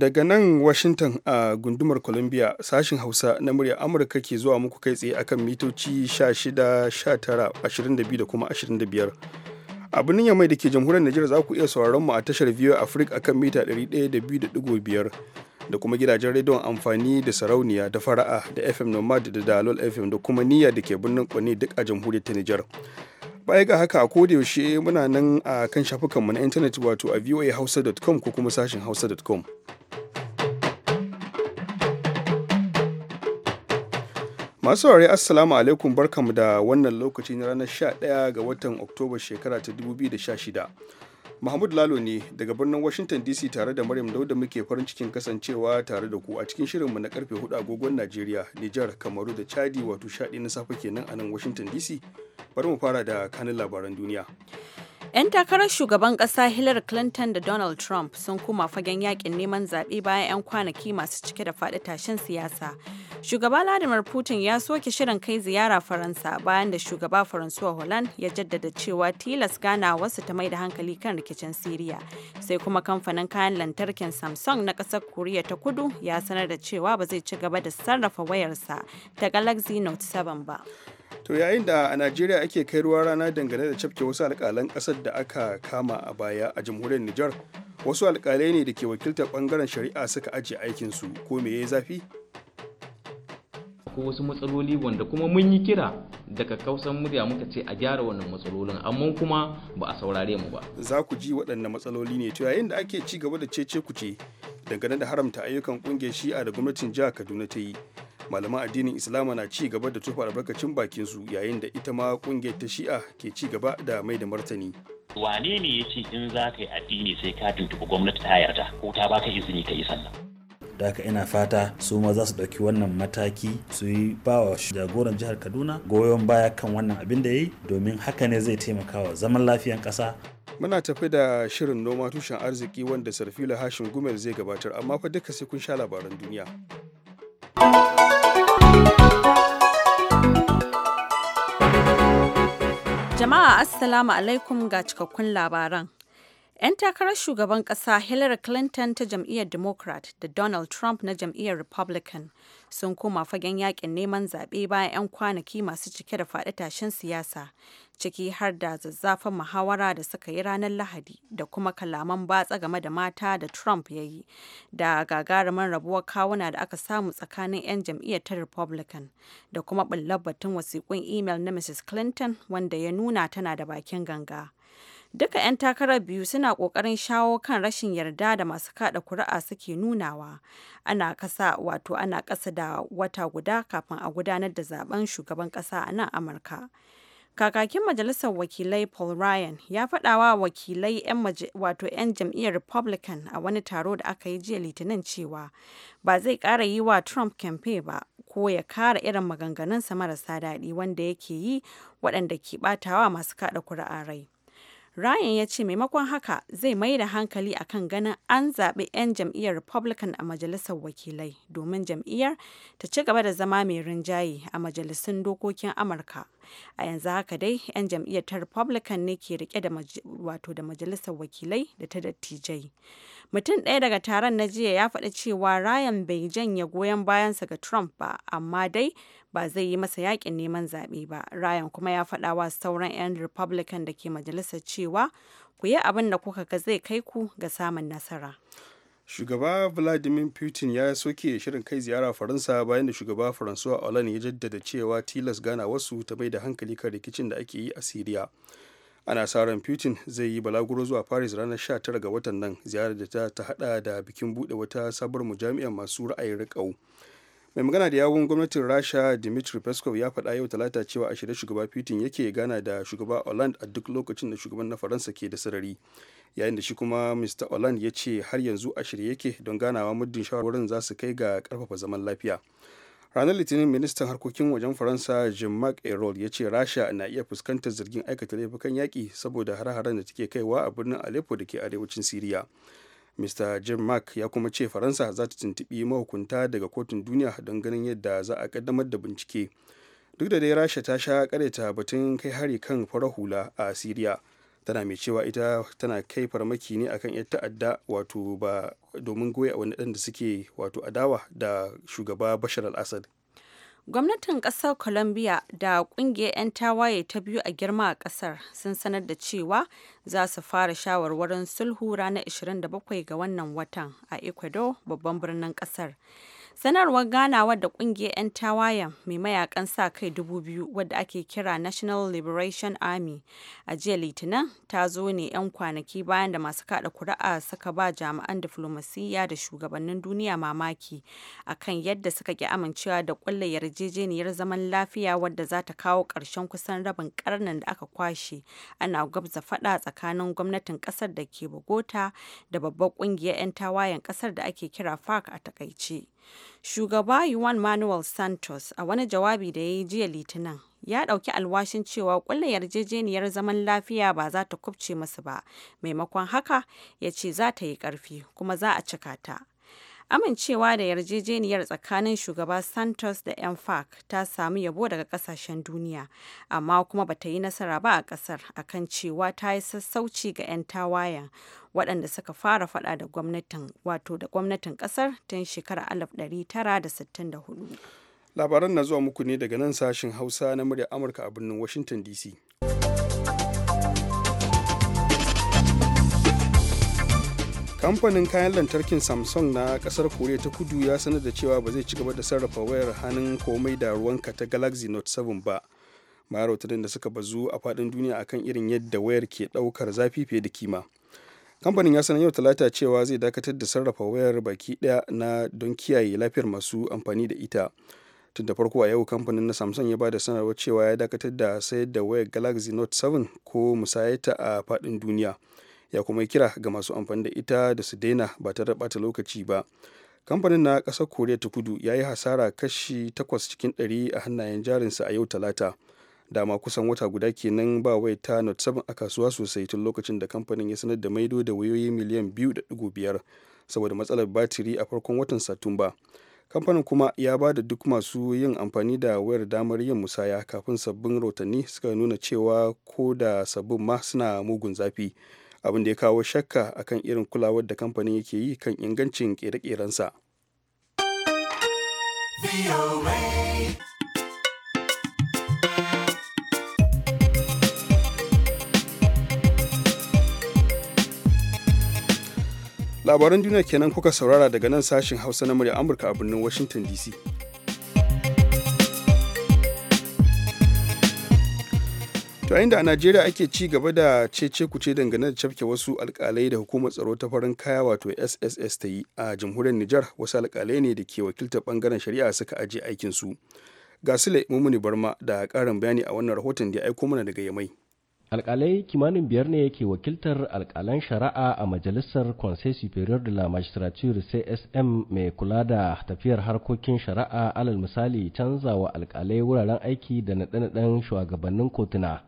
daga nan Washington a gundumar Columbia sashin Hausa na murya Amurka ke zuwa muku kai tsaye akan mitoci 16, 19, 22 da kuma 25. A birnin Yamai da ke jamhuriyar Najeriya za ku iya sauraron mu a tashar VOA Africa akan mita 102.5 da kuma gidajen rediyon amfani da sarauniya da fara'a da FM Nomad da Dalol FM da kuma niyya da ke birnin Kwani duk a jamhuriyar ta Nijar. baya ga haka ko da yaushe muna nan a kan shafukanmu na intanet wato a voahausa.com ko kuma sashin hausa.com masu saurari assalamu alaikum barkamu da wannan lokaci na ranar 11 ga watan oktoba shekara ta 2016 Mahmud Lalo ne daga birnin Washington DC tare da Maryam Dauda muke farin cikin kasancewa tare da ku a cikin shirinmu na karfe 4 agogon Najeriya, Nijar, Kamaru da Chadi wato shaɗi na safe kenan a nan Washington DC. Bari mu fara da kanin labaran duniya. 'Yan takarar shugaban ƙasa Hillary Clinton da Donald Trump sun kuma fagen yakin neman zaɓe bayan 'yan kwanaki masu cike da faɗi tashin siyasa. Shugaba Vladimir Putin ya soke shirin kai ziyara Faransa bayan da shugaba Faransuwa Holland ya jaddada cewa tilas gana wasu ta mai da hankali kan rikicin Siriya. Sai kuma kamfanin kayan lantarkin Samsung na ƙasar Koriya ta Kudu ya sanar da cewa ba zai ci gaba da sarrafa wayarsa ta Galaxy Note 7 ba. to yayin da a najeriya ake kai ruwa rana dangane da cafke wasu alkalan kasar da aka kama a baya a jamhuriyar nijar wasu alkalai ne da ke wakiltar bangaren shari'a suka ajiye aikinsu ko me ya zafi ko wasu matsaloli wanda kuma mun yi kira daga kausan murya muka ce a gyara wannan matsalolin amma kuma ba a saurare mu ba za ku ji waɗanne matsaloli ne to yayin da ake ci gaba da cece kuce dangane da haramta ayyukan kungiyar shi'a da gwamnatin jihar kaduna ta yi malaman addinin islama na ci gaba da tufa albarkacin bakin su yayin da ita ma kungiyar ta shi'a ke ci gaba da mai da martani wane ne ya ce in za ka yi addini sai ka tuntuɓi gwamnati ta yarda ko ta baka izini ka yi sallah da ka ina fata su ma za su ɗauki wannan mataki su yi ba wa jagoran jihar kaduna goyon baya kan wannan abin da ya yi domin haka ne zai taimaka wa zaman lafiyan kasa. muna tafi da shirin noma tushen arziki wanda sarfila hashin gumel zai gabatar amma fa duka sai kun sha labaran duniya Jama'a Assalamu alaikum ga cikakkun labaran. 'Yan takarar shugaban ƙasa Hillary Clinton ta jam'iyyar Democrat da Donald Trump na jam'iyyar Republican sun koma fagen yakin neman zaɓe bayan 'yan kwanaki masu cike da faɗi tashin siyasa ciki har da zazzafan muhawara da suka yi ranar Lahadi da kuma kalaman batsa game da mata da Trump ya yi da gagarumin rabuwar kawuna da aka samu tsakanin 'yan jam'iyyar ta Republican da kuma ɓullar batun wasiƙun imel na Mrs. Clinton wanda ya nuna tana da bakin ganga. Duka 'yan takarar biyu suna ƙoƙarin shawo kan rashin yarda da masu kada kuri'a suke nunawa. Ana kasa wato ana kasa da wata guda kafin a gudanar da zaben shugaban kasa a nan Amurka. Kakakin Majalisar Wakilai Paul Ryan ya faɗawa wakilai 'yan jam'iyyar Republican a wani taro da aka yi jiya Litinin cewa ba zai ƙara yi wa Trump campaign ba ko ya kara irin maganganunsa marasa daɗi wanda yake yi waɗanda ke ɓatawa masu kaɗa kuri'a rai. Ryan ya ce maimakon haka zai mai da hankali akan ganin an zaɓi 'yan jam'iyyar Republican a majalisar wakilai domin jam'iyyar ta ci gaba da zama mai rinjaye a majalisun dokokin Amurka. a yanzu haka dai 'yan jam'iyyar ta republican ne ke rike da wato da majalisar wakilai da ta dattijai mutum ɗaya daga taron na jiya ya faɗi cewa ryan bai janye goyon bayansa ga trump ba amma dai ba zai yi masa yakin neman zaɓe ba ryan kuma ya faɗa wa sauran 'yan republican da ke majalisar cewa ku yi abin da kuka ga zai kai ku ga samun nasara shugaba vladimir putin ya soke shirin kai ziyara faransa bayan da shugaba faransuwa olan ya jaddada cewa tilas gana wasu ta mai da hankali kan rikicin da ake yi a siriya ana sa ran putin zai yi balaguro zuwa paris ranar 19 ga watan nan ziyarar da ta hada da bikin bude wata sabuwar jami'an masu ra'ayin rika'u. mai magana da yawun gwamnatin rasha dimitri peskov ya faɗa yau talata cewa a shirye shugaba putin yake gana da shugaba holland a duk lokacin da shugaban na faransa ke da sarari yayin da shi kuma mr holland ya ce har yanzu a shirye yake don ganawa muddin shawarwarin za su kai ga karfafa zaman lafiya ranar litinin ministan harkokin wajen faransa jim mark erol ya ce rasha na iya fuskantar zargin aikata laifukan yaƙi saboda hare-haren da take kaiwa a birnin aleppo da ke arewacin siriya mr jim mark ya kuma ce faransa za ta tuntuɓi mahukunta daga kotun duniya don ganin yadda za a kaddamar da bincike duk da dai rasha ta sha kareta batun kai hari kan farar hula a siriya tana mai cewa ita tana kai farmaki ne akan yadda ta'adda wato ba domin goya wani ɗan da suke wato adawa da shugaba bashar al-assad Gwamnatin ƙasar Colombia da ƙungiyar 'yan tawaye ta biyu a girma a ƙasar sun sanar da cewa za su fara shawarwarin sulhu ranar 27 ga wannan watan a Ecuador babban birnin ƙasar. sanarwar ganawar da kungiyar 'yan tawayen mai mayakan sa-kai 2,000 wadda ake kira national liberation army a jiya litinin ta zo ne 'yan kwanaki bayan da masu kada kuri'a suka ba jami'an diflomasiyya da shugabannin duniya mamaki a kan yadda suka ki amincewa da kulle yarjejeniyar zaman lafiya wadda za ta kawo ƙarshen kusan rabin karnin da aka kwashe ana gwabza fada tsakanin gwamnatin ƙasar da ke bugota da babbar kungiyar 'yan tawayen ƙasar da ake kira farc a takaice Shugaba Juan Manuel Santos a wani jawabi da ya yi jiya Litinin ya ɗauki alwashin cewa ƙulla yarjejeniyar zaman lafiya ba za ta kubce masu ba, maimakon haka ya ce za ta yi ƙarfi kuma za a cika ta. Amincewa da yarjejeniyar tsakanin Shugaba Santos da 'yan FARC ta samu yabo daga kasashen duniya, amma kuma bata yi nasara ba a kasar akan cewa ta yi sassauci ga 'yan tawayan waɗanda suka fara fada da gwamnatin wato da gwamnatin kasar tun shekarar 1964. Labaran na zuwa muku ne daga nan sashin Hausa na murya Amurka a birnin Washington DC. kamfanin kayan lantarkin samsung na kasar koriya ta kudu ya sanar da cewa ba zai ci gaba da sarrafa wayar hannun komai da ruwanka ta galaxy note 7 ba marotunan da suka bazu a fadin duniya akan irin yadda wayar ke daukar zafi fiye da kima kamfanin ya sanar yau talata cewa zai dakatar da sarrafa wayar baki daya na don kiyaye lafiyar masu amfani da ita tun da farko a yau kamfanin na samsung ya ba da sanarwar cewa ya dakatar da sayar da wayar galaxy note 7 ko musayata a fadin duniya ya kuma yi kira ga masu amfani da ita da su daina ba tare da lokaci ba kamfanin na ƙasar koriya ta kudu ya yi hasara kashi 8 cikin 100 a hannayen jarinsa a yau talata dama kusan wata guda kenan ba wai ta not 7 a kasuwa sosai tun lokacin da kamfanin ya sanar da maido da wayoyi miliyan 2.5 saboda matsalar batiri a farkon watan satumba kamfanin kuma ya ba da duk masu yin amfani da wayar damar yin musaya kafin sabbin rotanni suka nuna cewa ko da sabbin ma suna mugun zafi abin da ya kawo shakka akan irin kulawar da kamfanin yake yi kan ingancin kere-kerensa. labaran duniya kenan kuka saurara daga nan sashen hausa na murya amurka a birnin washington dc to inda a najeriya ake ci gaba da cece kuce dangane da cafke wasu alkalai da hukumar tsaro ta farin kaya wato sss ta yi a jamhuriyar nijar wasu alkalai ne da ke wakiltar bangaren shari'a suka ajiye su ga sule mumuni barma da karin bayani a wannan rahoton da ya aiko mana daga yamai alkalai kimanin biyar ne ke wakiltar alkalan shari'a a majalisar conseil superior de la magistrature csm mai kula da tafiyar harkokin shari'a alal misali canza wa alkalai wuraren aiki da naɗe-naɗen shugabannin kotuna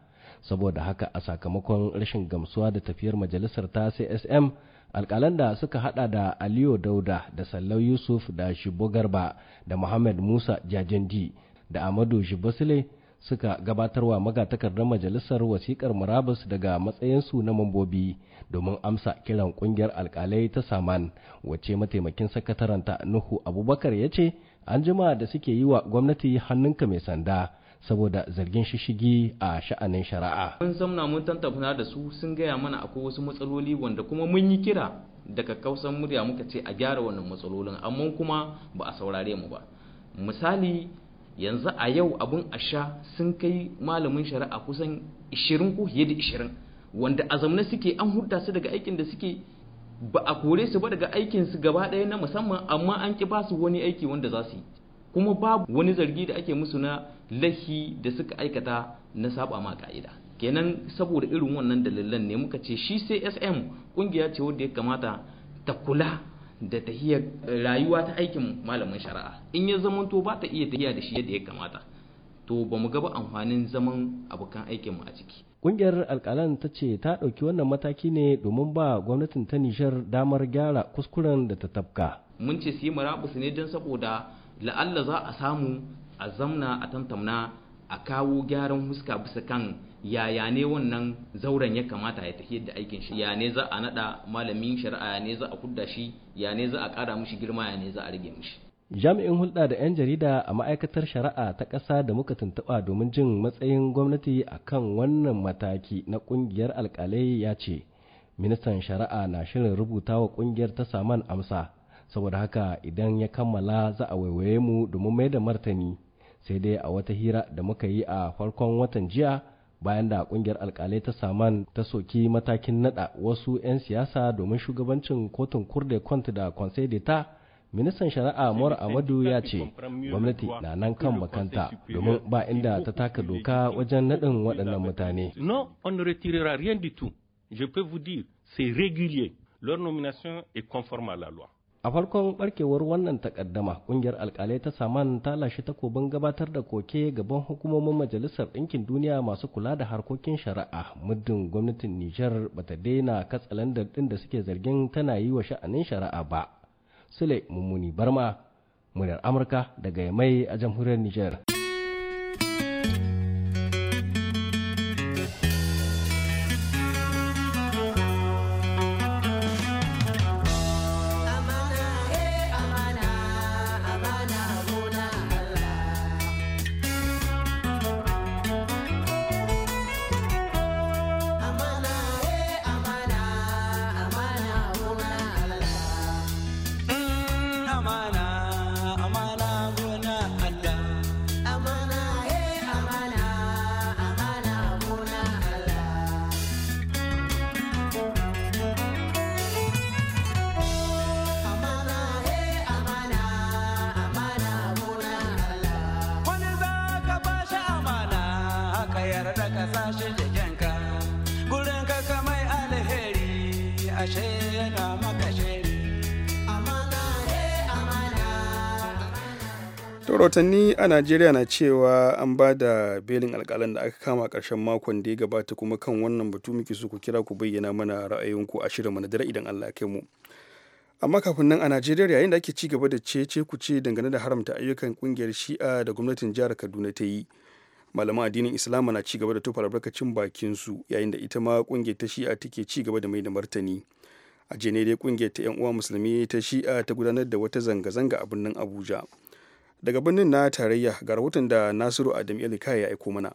saboda haka a sakamakon rashin gamsuwa da tafiyar majalisar ta csm alƙalan da suka hada da aliyo dauda da sallau yusuf da shibo garba da muhammad musa jajendi da amadu shibosile suka gabatarwa magatakardar majalisar wasikar murabus daga matsayinsu na mambobi domin amsa kiran ƙungiyar alkalai ta saman wacce mataimakin sakataranta nuhu abubakar ya ce an jima da suke yi wa gwamnati hannunka mai sanda saboda zargin shishigi a sha'anin shari'a. Mun zamna mun tantabna da su sun gaya mana akwai wasu matsaloli wanda kuma mun yi kira daga kausan murya muka ce a gyara wannan matsalolin amma kuma ba a saurare mu ba. Misali yanzu a yau abun a sha sun kai malamin shari'a kusan 20 ko fiye da 20 wanda a zamanin suke an hudda su daga aikin da suke ba a kore su ba daga aikin su gaba ɗaya na musamman amma an ki ba su wani aiki wanda za su yi kuma babu wani zargi da ake musu na lahi da suka aikata na saba ma ka'ida kenan saboda irin wannan dalilan ne muka ce shi sai sm kungiya ce wadda ya kamata ta kula da tahiyar rayuwa ta aikin malamin shari'a in ya zamanto ba ta iya tahiya da shi yadda ya kamata to ba mu gaba amfanin zaman abokan aikinmu a ciki Ƙungiyar alƙalan ta ce ta ɗauki wannan mataki ne domin ba gwamnatin ta nishar damar gyara kuskuren da ta tafka. Mun ce su yi murabus ne don saboda la'alla za a samu a zamna a tantamna a kawo gyaran huska bisa kan yaya ne wannan zauren ya kamata ya tafi da aikin shi ya ne za a nada malamin shari'a ya za a kudda shi ya za a kara mishi girma ya za a rage mishi jami'in hulɗa da 'yan jarida a ma'aikatar shari'a ta ƙasa da muka tuntuɓa domin jin matsayin gwamnati a kan wannan mataki na ƙungiyar alƙalai ya ce ministan shari'a na shirin rubuta wa ƙungiyar ta saman amsa saboda haka idan ya kammala za a waiwaye mu domin mai da martani sai dai a wata hira da muka yi a farkon watan jiya bayan da kungiyar alkalai ta saman ta soki matakin nada wasu 'yan siyasa domin shugabancin kotun kurde kwant da conseil d'etat ministan shari'a mor amadu ya ce gwamnati na nan kan bakanta domin ba inda ta taka doka wajen nadin waɗannan mutane non on ne retirera rien leur nomination est conforme à la loi a farkon barkewar wannan takaddama kungiyar alkalai ta saman ta lashe takobin gabatar da koke gaban hukumomin majalisar ɗinkin duniya masu kula da harkokin shari'a muddin gwamnatin nijar bata daina katsalandar ɗin da suke zargin tana yi wa sha'anin shari'a ba sule mummuni barma muryar amurka daga mai a jamhuriyar nijar rahotanni a najeriya na cewa an ba da belin alkalan da aka kama karshen makon da ya gabata kuma kan wannan batu muke so ku kira ku bayyana mana ra'ayinku a shirin mana dare idan allah kai mu amma kafin nan a najeriya yayin da ake ci gaba da ce ku ce dangane da haramta ayyukan kungiyar shi'a da gwamnatin jihar kaduna ta yi malaman addinin islam na ci gaba da tufa albarkacin bakin su yayin da ita ma kungiyar ta shi'a take ci gaba da mai da martani a jene dai kungiyar ta yan uwa musulmi ta shi'a ta gudanar da wata zanga-zanga a birnin abuja daga birnin na tarayya ga rahoton da nasiru adam ilikaya ya aiko mana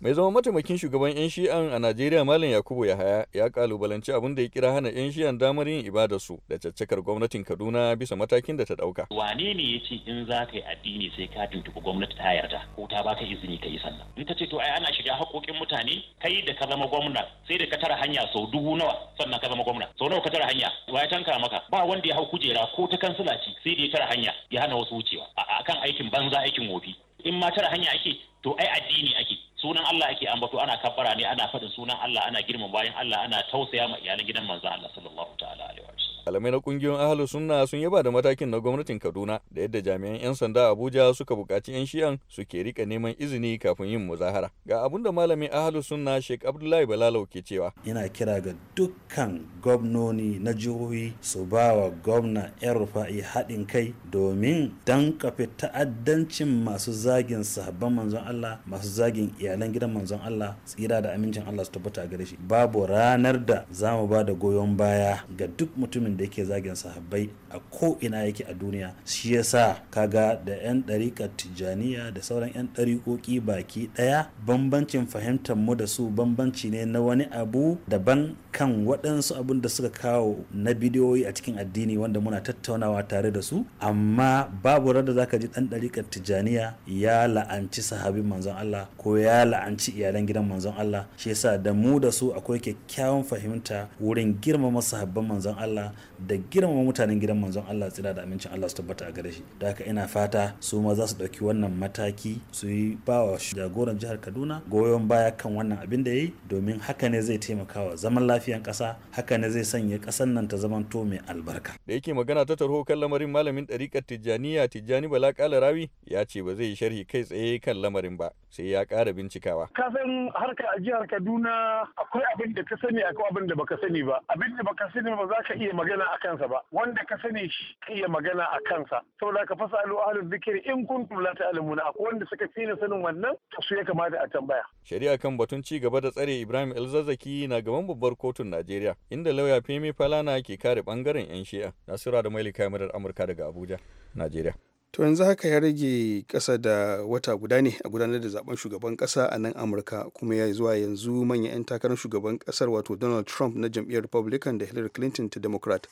mai zama mataimakin shugaban 'yan shi'an a najeriya malam yakubu yahaya ya kalubalanci abin da ya kira hana 'yan shi'an damar yin su da caccakar gwamnatin kaduna bisa matakin da ta dauka wane ne ya ce in za ka yi addini sai ka tuntuɓi gwamnati ta yarda ko ta baka izini ka yi sannan. in ta ce to ai ana shiga haƙoƙin mutane kai da ka zama gwamna sai da ka tara hanya sau dubu nawa sannan ka zama gwamna sau nawa ka tara hanya wa ya tanka maka ba wanda ya hau kujera ko ta kansila ce sai da ya tara hanya ya hana wasu wucewa a kan aikin banza aikin wofi in ma tara hanya ake to ai addini ake sunan Allah ake ambato ana kafara ne ana faɗin sunan Allah ana girma bayan Allah ana tausaya ma iyalan gidan manzo Allah sallallahu ta'ala alaihi malamai na kungiyoyin ahalu sunna sun yaba da matakin na gwamnatin kaduna da yadda jami'an 'yan sanda abuja suka bukaci 'yan shi'an su ke rika neman izini kafin yin muzahara ga abun da malamin ahalu sunna sheik abdullahi balalau ke cewa yana kira ga dukkan gwamnoni na jihohi su ba wa gwamna 'yan rufa'i haɗin kai domin dankafe ta'addancin masu zagin sahabban manzon allah masu zagin iyalan gidan manzon allah tsira da amincin allah su tabbata gare shi babu ranar da za mu ba da goyon baya ga duk mutumin da yake zagin sahabbai a ko ina yake a duniya shi yasa kaga da yan ɗariƙar Tijaniya da sauran yan ɗariƙoƙi baki ɗaya bambancin fahimtar mu da su bambanci ne na wani abu daban kan waɗansu abun da suka kawo na bidiyoyi a cikin addini wanda muna tattaunawa tare da su amma babu rada zaka ji ɗan ɗariƙar Tijaniya ya la'anci sahabin manzon Allah ko ya la'anci iyalan gidan manzon Allah shi yasa da mu da su akwai kyakkyawan fahimta wurin girmama sahabban manzon Allah da girmama mutanen gidan manzon Allah tsira da amincin Allah su tabbata a gare shi da haka ina fata su ma za su ɗauki wannan mataki su yi bawa jagoran jihar Kaduna goyon baya kan wannan abin da ya yi domin haka ne zai taimakawa zaman lafiyan ƙasa haka ne zai sanya ƙasar nan ta zaman to mai albarka da yake magana ta tarho kan lamarin malamin ɗariƙar Tijjaniya Tijjani Bala rawi ya ce ba zai sharhi kai tsaye kan lamarin ba sai ya ƙara bincikawa kasan harka a jihar Kaduna akwai abin da ka sani akwai abin da baka sani ba abin da baka sani ba za ka iya magana a kansa ba wanda ka sani shi iya magana a kansa saboda ka fasa alu ahlul zikiri in kuntum la ta'lamuna akwai wanda suka fi sanin wannan su ya kamata a tambaya shari'a kan batun ci gaba da tsare Ibrahim elzazaki na gaban babbar kotun Najeriya inda lauya Femi Falana ke kare bangaren yan shi'a Nasira da Maili Amurka daga Abuja Najeriya to yanzu haka ya rage kasa da wata guda ne a gudanar da zaben shugaban kasa a nan amurka kuma ya zuwa yanzu manyan 'yan takarar shugaban kasar wato donald trump na jam'iyyar republican da hillary clinton ta democrat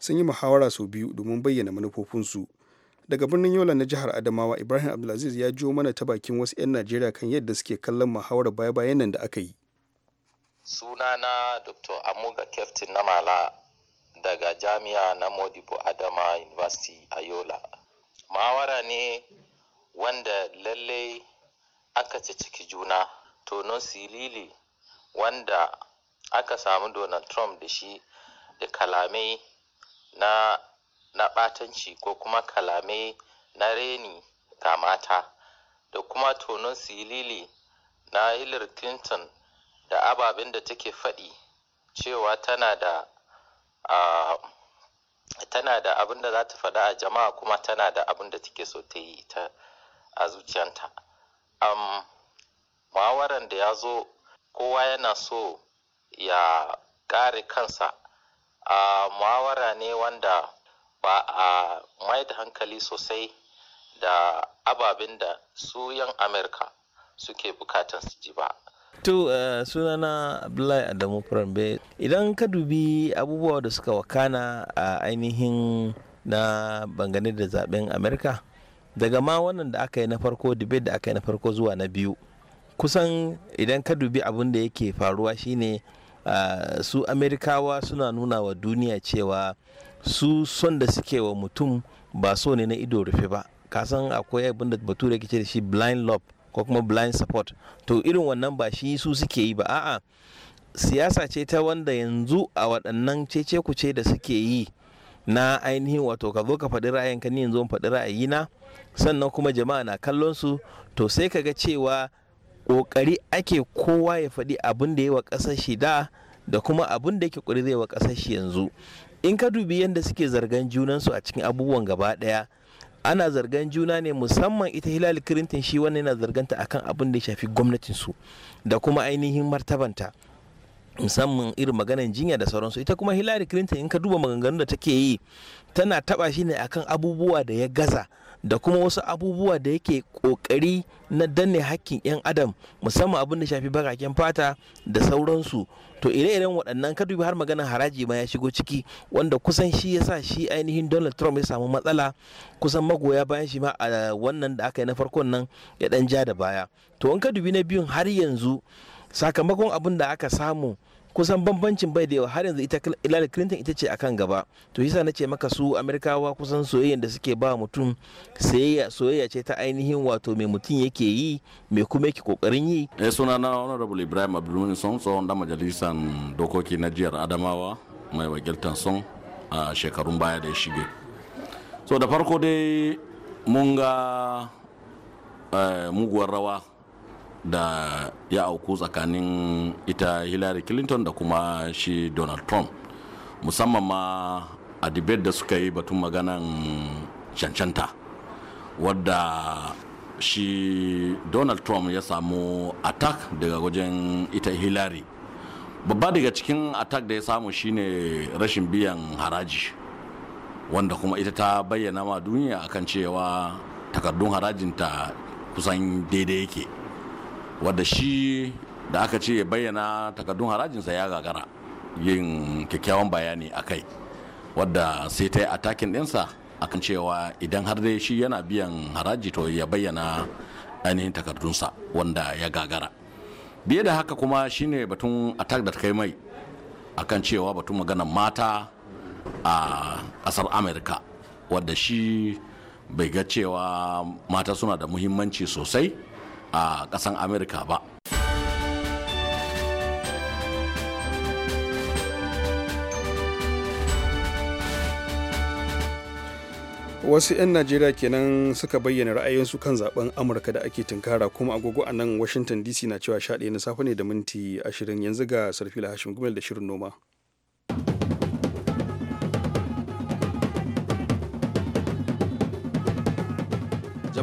sun yi muhawara sau biyu domin bayyana manufofinsu daga birnin yola na jihar adamawa ibrahim abdulaziz ya jiyo mana ta bakin wasu 'yan najeriya kan yadda suke kallon muhawarar baya-bayan nan da aka yi sunana dr amuga captain mala daga jami'a na modibo adama university a yola mawara ne wanda lallai aka ciki juna tonon silili wanda aka samu donald trump da shi da kalamai na na ɓatanci ko kuma kalamai na reni ga mata da kuma tonon silili na hillary clinton da ababen da take faɗi cewa tana da uh, tana da abin da za ta faɗa a jama'a kuma tana da abin da take so ta yi ta a zuciyanta um, muhawaran da ya zo kowa yana so ya ƙare kansa a uh, muhawara ne wanda ba a uh, mai da hankali sosai da ababen da su yan amurka suke bukatan su ji ba To eh, sunana Abdullahi Adamu Furambe idan ka dubi abubuwa da suka wakana a ainihin na bangane da zaben Amerika daga ma wannan da aka yi na farko debate da aka yi na farko zuwa na biyu kusan idan ka dubi abin da yake faruwa shine su Amerikawa suna nuna wa duniya cewa su son da suke wa mutum ba so ne na ido rufe ba kasan akwai abin da bature ke ce da shi blind love ko kuma blind support to irin wannan ba shi su suke yi ba a'a siyasa ce ta wanda yanzu a waɗannan cece ce da suke yi na ainihin wato ka zo ka faɗi ka ni yanzu faɗi ra'ayi na sannan kuma jama'a na kallon su to sai ka ga cewa ƙoƙari ake kowa ya faɗi abin da ya ƙasar shi da da kuma abin da yake ƙuri zai wa ƙasar shi yanzu in ka dubi yadda suke zargan junansu a cikin abubuwan gaba ɗaya ana zargan juna ne musamman ita hilal kirintin shi wannan yana zarganta akan abin da ya shafi gwamnatin su da kuma ainihin martabanta musamman irin maganan jinya da sauransu ita kuma hilal kirintin in ka duba maganganun da take yi tana taba shi ne akan abubuwa da ya gaza da kuma wasu abubuwa da yake kokari na danne hakkin 'yan adam musamman abin da shafi bakaken fata da sauransu to ire-iren waɗannan kadubi har maganar haraji ma ya shigo ciki wanda kusan shi ya sa shi ainihin donald trump ya samu matsala kusan magoya bayan shi ma a wannan da aka yi na farkon nan ya ɗan ja da baya to in dubi na biyun har yanzu sakamakon abin da aka samu kusan bambancin bai da yawa har yanzu ita Hillary Clinton ita ce akan gaba to yasa ce maka su Amerikawa kusan soyayyen da suke ba mutum soyayya soyayya ce ta ainihin wato mai mutum yake yi mai kuma yake kokarin yi eh suna na honorable Ibrahim Abdulmumin son tsohon da majalisan dokoki na jihar Adamawa mai wakiltar son a shekarun baya da ya shige so da farko dai mun ga eh, muguwar rawa da ya auku tsakanin ita hillary clinton da kuma shi donald trump musamman ma a debate da suka yi batun maganan cancanta wadda shi donald trump ya samu attack daga wajen ita hillary babba daga cikin attack da ya samu shine rashin biyan haraji wanda kuma ita ta bayyana ma duniya akan cewa takardun harajinta kusan daidai yake wadda shi da aka ce ya bayyana takardun harajinsa ya gagara yin kyakkyawan bayani a kai wadda sai ta yi atakin ɗinsa akan cewa idan har dai shi yana biyan haraji to ya bayyana ainihin takardunsa wanda ya gagara biye da haka kuma shine batun attack da ta kai mai akan cewa batun magana mata a ƙasar amurka wadda shi bai ga cewa mata suna da muhimmanci sosai a ƙasan amurka ba wasu 'yan najeriya kenan suka bayyana ra'ayinsu kan zaben amurka da ake tunkara kuma agogo a nan washington dc na cewa sha na safe ne da minti 20 yanzu ga sarfila hashim gumel da shirin noma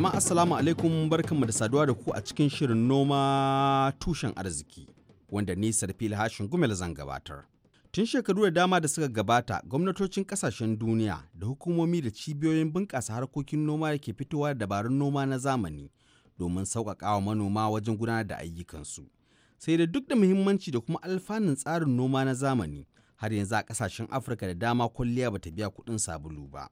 jama'a assalamu alaikum barkanmu da saduwa da ku a cikin shirin noma tushen arziki wanda ni sarfil hashin gumel zan gabatar tun shekaru da dama da suka gabata gwamnatocin kasashen duniya da hukumomi da cibiyoyin bunƙasa harkokin noma da ke fitowa da dabarun noma na zamani domin sauƙaƙa manoma wajen gudanar da ayyukansu sai da duk da muhimmanci da kuma alfanun tsarin noma na zamani har yanzu a kasashen afirka da dama kwalliya bata biya kuɗin sabulu ba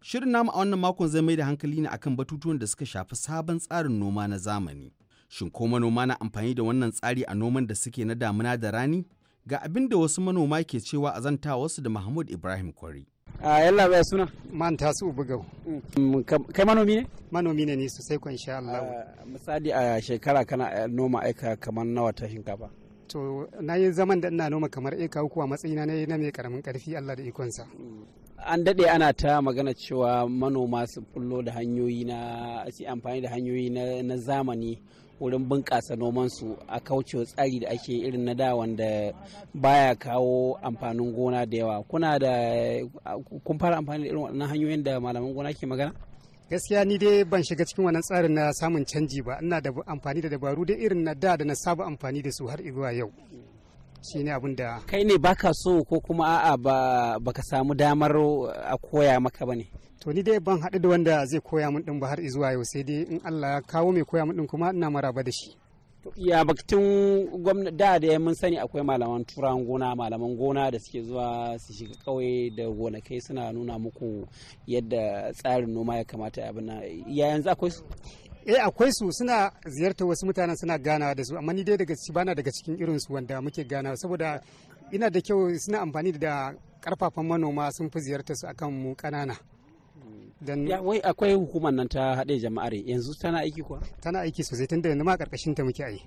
Shirin namu a wannan makon zai mai da hankali ne akan batutuwan da suka shafi sabon tsarin noma na zamani. Shin ko manoma na amfani da wannan tsari a noman da suke na damuna da rani? Ga abin da wasu manoma ke cewa a zanta wasu da Mahmud Ibrahim Kwari. A yalla bai suna man tasu bugau. Mm, mm, kai manomi ne? Manomi ne ne sosai ko insha Allah. Misali a shekara kana eh, noma aika kamar nawa ta shinkafa. to na yi zaman da ina noma kamar eka uku a matsayina na na mai karamin karfi Allah da ikonsa mm. an daɗe ana ta magana cewa manoma su fullo da hanyoyi na su amfani da hanyoyi na zamani wurin bunƙasa nomansu a kaucewa tsari da ake irin na da wanda baya kawo amfanin gona da yawa kuna da kun fara amfani da irin waɗannan hanyoyin da malaman gona ke magana gaskiya ni dai ban shiga cikin wannan tsarin na samun canji ba ina da amfani da dabaru dai irin na da da na saba amfani da su har zuwa yau shi ne abin da kai ne baka so ko kuma a'a ba baka samu damar a koya maka ba ne. to ni dai ban haɗu da wanda zai koya min din ba har zuwa yau sai dai in Allah ya kawo mai koya min din kuma ina maraba da shi ya bakitin gwamnati da da mun sani akwai malaman turan gona malaman gona da suke zuwa su shiga kauye da gonakai suna nuna muku yadda tsarin noma ya kamata abin ya yanzu akwai eh akwai su suna ziyartar wasu mutanen suna ganawa da su amma ni dai daga ciki bana daga cikin irin su wanda muke ganawa saboda ina da kyau suna amfani da karfafan manoma sun fi ziyartar su akan mu kanana dan ya wai akwai hukumar nan ta haɗe jama'ar yanzu tana aiki kuwa tana aiki sosai tunda yanzu ma karkashin ta muke ai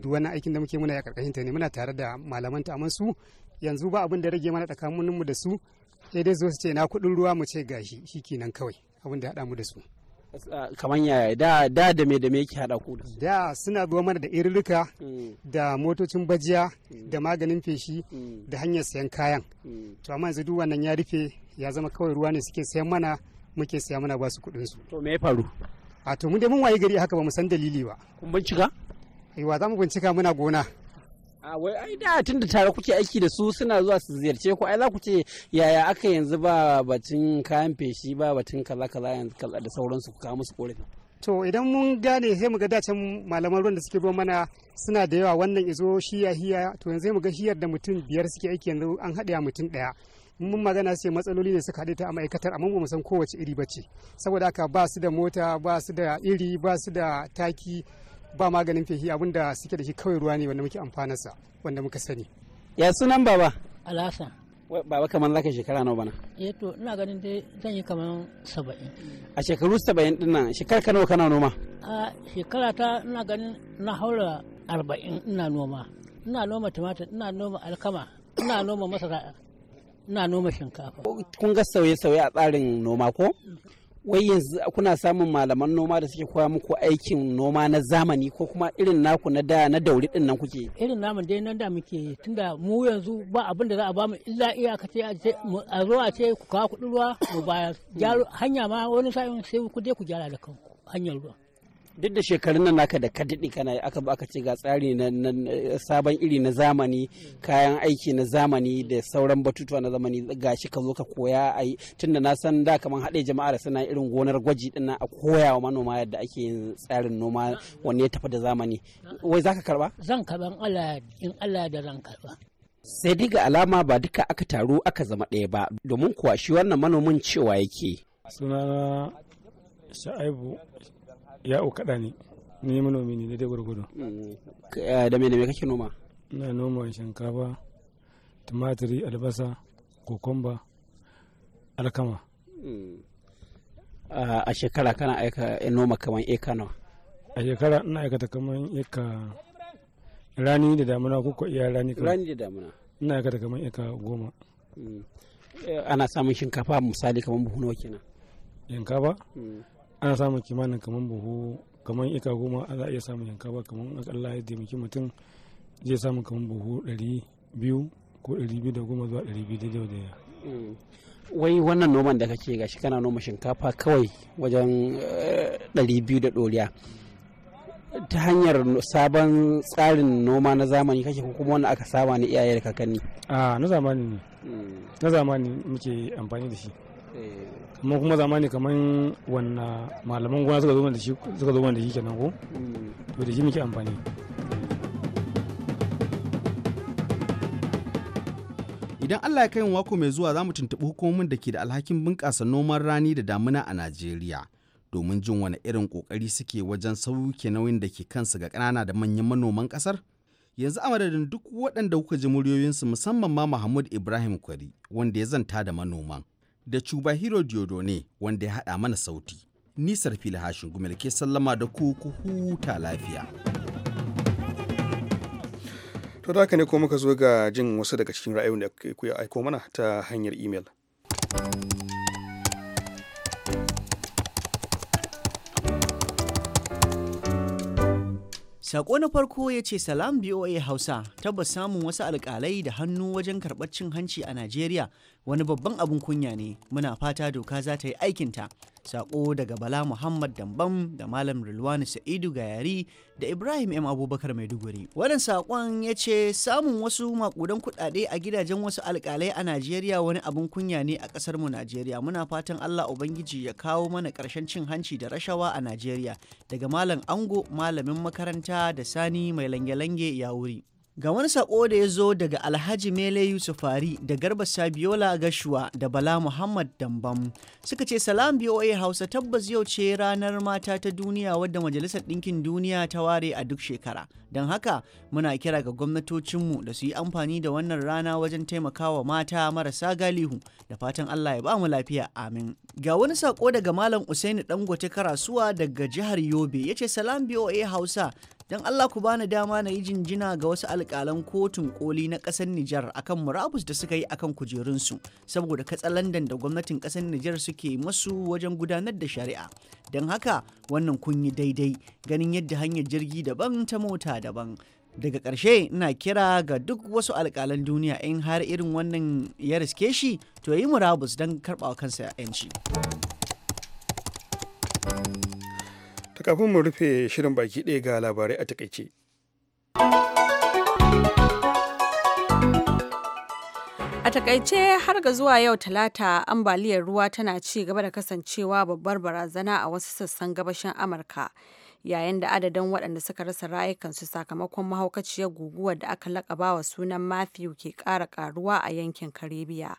duk wani aikin da muke muna ya karkashin ta ne muna tare da malaman ta amma su yanzu ba abin da rage mana tsakaninmu da su sai dai zo su ce na kuɗin ruwa mu ce gashi shikenan kawai abin da haɗa mu da su kamar yaya da da da me da me yake hada ku da suna zuwa mana da irurruka mm. da motocin bajiya mm. da maganin feshi mm. da hanyar sayan kayan to amma yanzu duk wannan ya rufe ya zama kawai ruwa ne suke sayan mana muke saya mana ba su kuɗin su to me ya faru a to mun dai mun waye gari haka ba mu san dalili ba kun bincika aiwa za mu bincika muna gona a wai ai da tun da tare kuke aiki da su suna zuwa su ziyarce ku ai za ku ce yaya aka yanzu ba batun kayan feshi ba batun kaza kaza yanzu kaza da sauransu ku kawo musu kore. to idan mun gane sai mu ga dacen malaman ruwan da suke ruwan mana suna da yawa wannan izo shiya hiya to yanzu mu ga hiyar da mutum biyar suke aiki yanzu an haɗe mutum ɗaya mun magana sai matsaloli ne suka haɗe ta a ma'aikatar amma ba mu san kowace iri ba ce saboda haka ba su da mota ba su da iri ba su da taki ba maganin fehi abinda suke da shi kawai ruwa ne wanda muke amfanarsa wanda muka sani ya sunan baba alhassan baba kamar zaka shekara nawa bana eh to ina ganin dai zan yi kamar saba'in a shekaru saba'in din nan shekar ka nawa kana noma a shekara ta ina ganin na haura arba'in ina noma ina noma tumatir ina noma alkama ina noma masara ina noma shinkafa kun ga sauye-sauye a tsarin noma ko wai yanzu kuna samun malaman noma da suke koya muku aikin noma na zamani ko kuma irin naku na da na dauri din nan kuke irin namu dai nan da muke tunda mu yanzu ba abin da za a bamu illa iyaka ce a zo a ce ku kawo kuɗin ruwa mu baya hanya ma wani sai ku je ku gyara da kanku hanyar ruwa duk da shekarun nan naka da ka kana kana aka aka ce ga tsari na sabon iri na zamani kayan aiki na zamani da sauran batutuwa na zamani ga shi ka zo ka koya a yi da na san da kamar haɗe jama'a da suna irin gonar gwaji din a koya wa manoma yadda ake yin tsarin noma wanne ya tafi da zamani wai zaka karba zan karba Allah in Allah da zan karba sai dai ga alama ba duka aka taru aka zama ɗaya ba domin kuwa shi wannan manomin cewa yake sunana sha'aibu ya o kaɗa ne ni manomi ne da gurgudu eh, da me da me kake noma ina noma shinkafa tumatiri albasa kokomba alkama hmm. ah, a shekara kana aika eh, noma kamar eka nawa a shekara ina aikata kamar eka rani da damuna ko iya rani kamar rani da damuna ina aikata kamar eka goma hmm. eh, ana samun shinkafa misali kamar buhu nawa kenan shinkafa hmm. ana samun kimanin kamar buhu kamar ika goma a za a iya samun yanka ba kamar akalla ya taimaki mutum zai samun kamar buhu ɗari biyu ko ɗari biyu da goma zuwa ɗari biyu daidai da mm. wai wannan noman da kake gashi kana noma shinkafa kawai wajen eh, ɗari biyu da ɗoriya ta hanyar sabon tsarin noma na zamani kake ko kuma wanda aka saba na iyaye da kakanni a ah, na zamani ne mm. na zamani muke amfani da shi kuma eh, kuma zamani kamar wannan malaman gona suka zo da shi ke nan ko mm. to da shi muke amfani idan Allah ya kai wako mai zuwa za mu tuntuɓi hukumomin da ke da alhakin bunƙasa noman rani da damuna a Najeriya domin jin wani irin ƙoƙari suke wajen sauke nauyin da ke kansu ga ƙanana da manyan manoman ƙasar. Yanzu a madadin duk waɗanda kuka ji muryoyinsu musamman ma Mahmud Ibrahim Kwari wanda ya zanta da manoman. da cuba Diodo ne wanda ya haɗa mana sauti. Nisar fili hashin gumel ke sallama da ku ku huta lafiya. To da haka ne ko muka zo ga jin wasu daga cikin ra'ayoyin da ku aiko mana ta hanyar imel. Sako na farko ya ce salam BOA Hausa tabbas samun wasu alkalai da hannu wajen karɓar cin hanci a Najeriya wani babban abin kunya ne muna fata doka za ta yi aikinta sako daga bala muhammad dambam da malam rilwani sa'idu gayari da ibrahim m abubakar maiduguri wannan sakon ya ce samun wasu makudan kudade a gidajen wasu alkalai a najeriya wani abin kunya ne a kasar mu najeriya muna fatan allah ubangiji ya kawo mana karshen cin hanci da rashawa a najeriya daga malam ango malamin makaranta da sani mai lange-lange ya wuri Ga wani sako da ya zo daga Alhaji Mele Yusufari da Garba Sabiola Gashuwa da Bala Muhammad Dambam suka ce salam BOA Hausa tabbas yau ce ranar mata ta duniya wadda Majalisar Ɗinkin Duniya ta ware a duk shekara. Don haka muna kira ga gwamnatocinmu da su yi amfani da wannan rana wajen taimakawa mata marasa galihu da fatan Allah ya ba mu lafiya amin. Ga wani sako daga Malam Usaini Dangote Karasuwa daga jihar Yobe ya ce salam BOA Hausa don Allah ku bani dama na yi jinjina ga wasu alƙalan kotun koli na ƙasar Nijar akan murabus da suka yi akan kujerunsu saboda katsalandan da gwamnatin ƙasar Nijar suke masu wajen gudanar da shari'a. Don haka wannan kun yi daidai ganin yadda hanyar jirgi daban ta mota daban. daga ƙarshe ina kira ga duk wasu alƙalan duniya in har irin wannan ya riske shi to ya yi murabus don karɓa kansa 'yanci. kafin mu rufe shirin baki ɗaya ga labarai a takaice A takaice har ga zuwa yau talata ambaliyar ruwa tana ci gaba da kasancewa babbar barazana a wasu sassan gabashin Amurka yayin da adadin waɗanda suka rasa rayukansu sakamakon mahaukaciyar guguwar da aka laƙabawa wa sunan Matthew ke ƙara ƙaruwa a yankin Karibiya.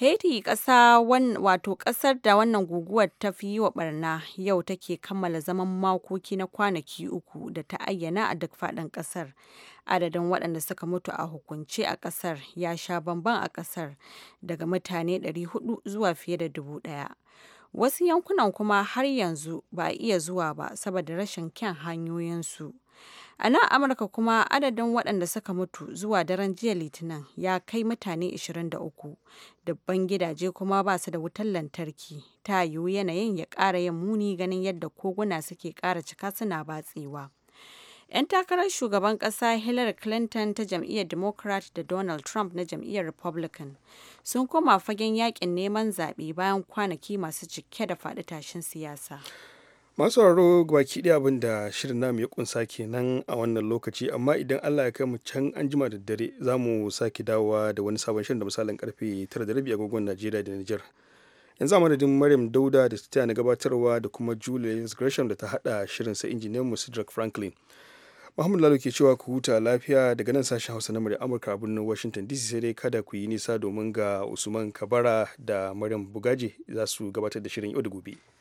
Haiti ƙasa wato ƙasar da wannan guguwar ta fi yi wa barna yau take kammala zaman makoki na kwanaki uku da ta ayyana a duk faɗin ƙasar. Adadin waɗanda suka mutu a hukunce a ƙasar ya sha bamban a ƙasar daga mutane 400 zuwa fiye da dubu ɗaya. Wasu yankunan kuma har yanzu ba iya zuwa ba saboda rashin kyan hanyoyinsu. A nan Amurka kuma adadin waɗanda suka mutu zuwa daren jiya Litinin ya kai mutane 23, dubban gidaje kuma ba su da wutar lantarki. Ta yiwu yanayin ya ƙara yin muni ganin yadda koguna suke ƙara cika suna batsewa. 'Yan takarar shugaban ƙasa Hillary Clinton ta jam'iyyar Democrat da Donald Trump na jam'iyyar Republican sun koma fagen yakin neman zaɓe bayan kwanaki masu cike da faɗi tashin siyasa. masu sauraro baki ɗaya abin da shirin namu ya kunsa kenan a wannan lokaci amma idan allah ya kai mu can an jima da dare za mu sake dawowa da wani sabon shirin da misalin karfe 9:30 agogon najeriya da niger yanzu a madadin maryam dauda da ta na gabatarwa da kuma julius gresham da ta hada shirin sa injiniyan mu cedric franklin muhammadu lalo ke cewa ku huta lafiya daga nan sashen hausa na murya amurka a birnin washington dc sai dai kada ku yi nisa domin ga usman kabara da maryam bugaji za su gabatar da shirin yau da gobe